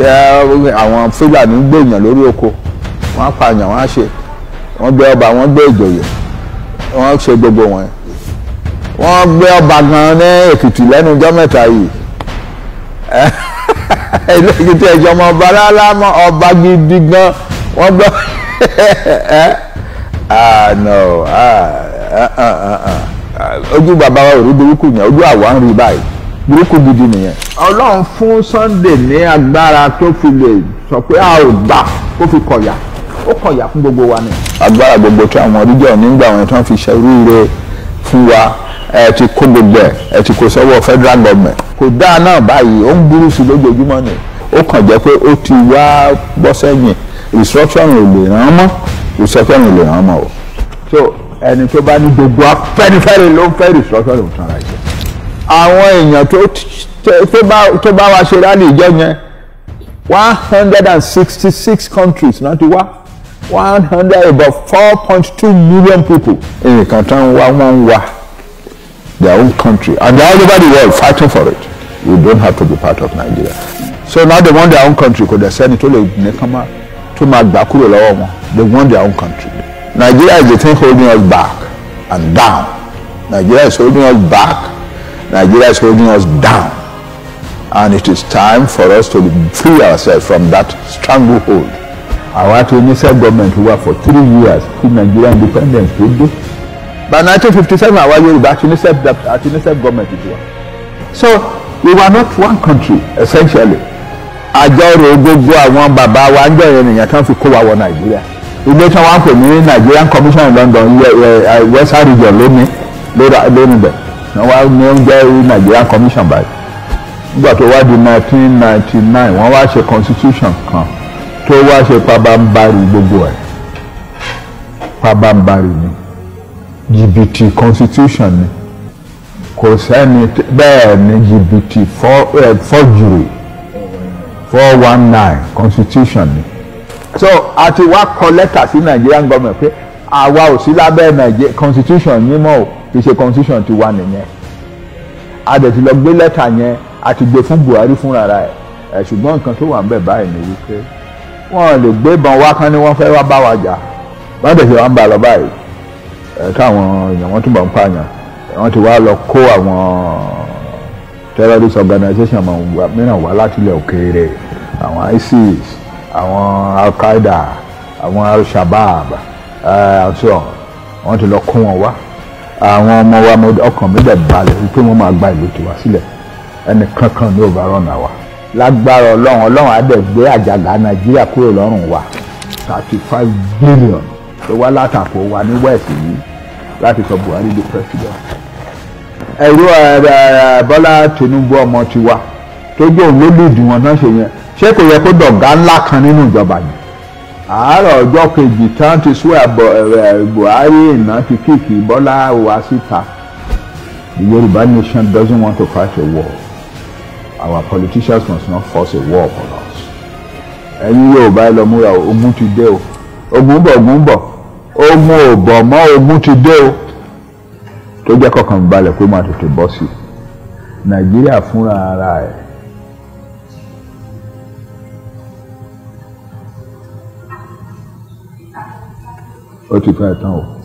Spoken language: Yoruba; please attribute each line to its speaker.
Speaker 1: tẹ àwọn fúlàní ń gbèyàn lórí oko wọ́n á pààyàn wọ́n á ṣe wọ́n gbé ọba wọ́n gbé ìjòyè wọ́n ṣe gbogbo wọn wọ́n gbé ọba gan ní èkìtì lẹ́nu ọjọ́ mẹ́ta yìí ilé èkìtì ẹ̀jọ̀ ọmọ ọba lálámọ ọba gidi gan wọ́n gbọ́ ah no ah ojú bàbá wa ò rí burúkú yẹn ojú àwa ń rí báyìí burúkú gidi nìyẹn. ọlọ́run fún Sunday ní agbára tó fi lè sọ pé a ò gbà kó fi kọ̀yà ó kọ̀yà fún gbogbo wa ni. agbára gbogbo tí àwọn oníjọ́ nígbà wọn tí wọ́n fi ṣe rúure fún wa ẹ ti kó gbogbo ẹ ẹ ti kó sọ́wọ́ federal government. kò dáa náà báyìí ó ń burú sí lójoojúmọ́ ni ó kàn jẹ́ pé ó ti wá bọ́ sẹ́yìn instruction ò lè ràn mọ́ instruction ò lè ràn mọ́ o. so ẹni tó bá ní gbogbo Afẹ́nifẹ́re ló ń fẹ́ instruction ò tán ra jẹ àwọn èèyàn tó bá wa ṣe rálì ìjọ yẹn one hundred and sixty six countries náà ti wá one hundred about four point two million people. nǹkan tán wá wọ́n wá their own country and they are all over the world fighting for it we don't have to be part of Nigeria so now they want their own country kò dẹ̀ sẹ́ni tó lè nìkan máa tó máa gbà kúrò lọ́wọ́ wọn they want their own country Nigeria is the thing holding us back and down Nigeria is holding us back Nigeria is holding us down. And it is time for us to free ourselves from that stranglehold. Our tó government sẹ́ gọ́ọ̀mẹ̀ntì for three years kí Nigerian independence tó dé. By 1957 àwa Yorùbá àti ní sẹ́ gọ́ọ̀mẹ̀ntì tiwa. So we were not one country essentially. Àjọrò gbogbo àwọn bàbá wa ń jọ̀yẹ̀ nìyẹn kan fi kó wa wọ Nàìjíríà. Ilé tí wọ́n pè ní Nigerian Commission in London eh, eh, West Region lónìí lónìí bẹ̀rẹ̀ wọ́n wá ní oúnjẹ Nigerian commission báyìí nígbà tó wá di nineteen ninety nine wọ́n wá ṣe constitution kan tó wá ṣe pabambarì gbogbo ẹ̀ pabambarì ni jìbìtì constitution ni kò sẹ́ni bẹ́ẹ̀ ni jìbìtì forgery four one nine constitution ni so àti wá kọ lẹ́tà sí Nigerian government pé àwa ò sí lábẹ́ Nigeria constitution yín mọ́ o kì í constitution ti wà nìyẹn a dẹ̀ ti lọ gbé lẹ́tà yẹn a ti gbé fún Buhari fúnra rẹ̀ ẹ̀ ṣùgbọ́n nǹkan tó wà ń bẹ̀ báyìí ni wípé wọ́n lè gbé bọn wá kán ni wọ́n fẹ́ wá bá wa jà wọ́n dẹ̀ ṣe wá ń bá lọ báyìí ẹ̀ káwọn èèyàn wọ́n túbọ̀ ń pààyàn wọ́n ti wá lọ kó àwọn terrorist organization mìíràn wá látilẹ̀ òkèèrè àwọn ISIS àwọn al àwọn al ẹ̀ àti ọ̀ wọ́n ti lọ kó wọn wá àwọn ọmọ wa ọkàn mi dẹ̀ balẹ̀ wípé wọ́n máa gba ìlú tiwa sílẹ̀ ẹnì kankan ní òbáràn náà wa lágbára ọlọ́run ọlọ́run á dẹ̀ gbé àjàgà nàìjíríà kúrò lọ́rùn wa thirty five billion tó wá látàkó wa ní west yìí láti sọ buhari di president ẹ̀rọ bọ́lá tinubu ọmọ tiwa tó jẹ́ òun ló lùdì wọn náà ṣe yẹn ṣé kò yẹ kó dọ̀gá ńlá kan nínú ìjọba yìí àárọ̀ ọjọ́ kejì tán ti sún Buhari iná ti kíkì Bọ́lá wá síta the Yorùbá nation doesn't want to fight a war our politicians must not force a war upon us ẹ̀yin Yorùbá ẹ lọ múra ogun ti dé o ogun bọ̀ ogun bọ̀ ogun ò bọ̀ mọ́ ogun ti dé o tó jẹ́ kọkàn balẹ̀ pé máa tètè bọ́ sí i Nàìjíríà fúnra ara ẹ̀ ó ti fẹ́ tán o.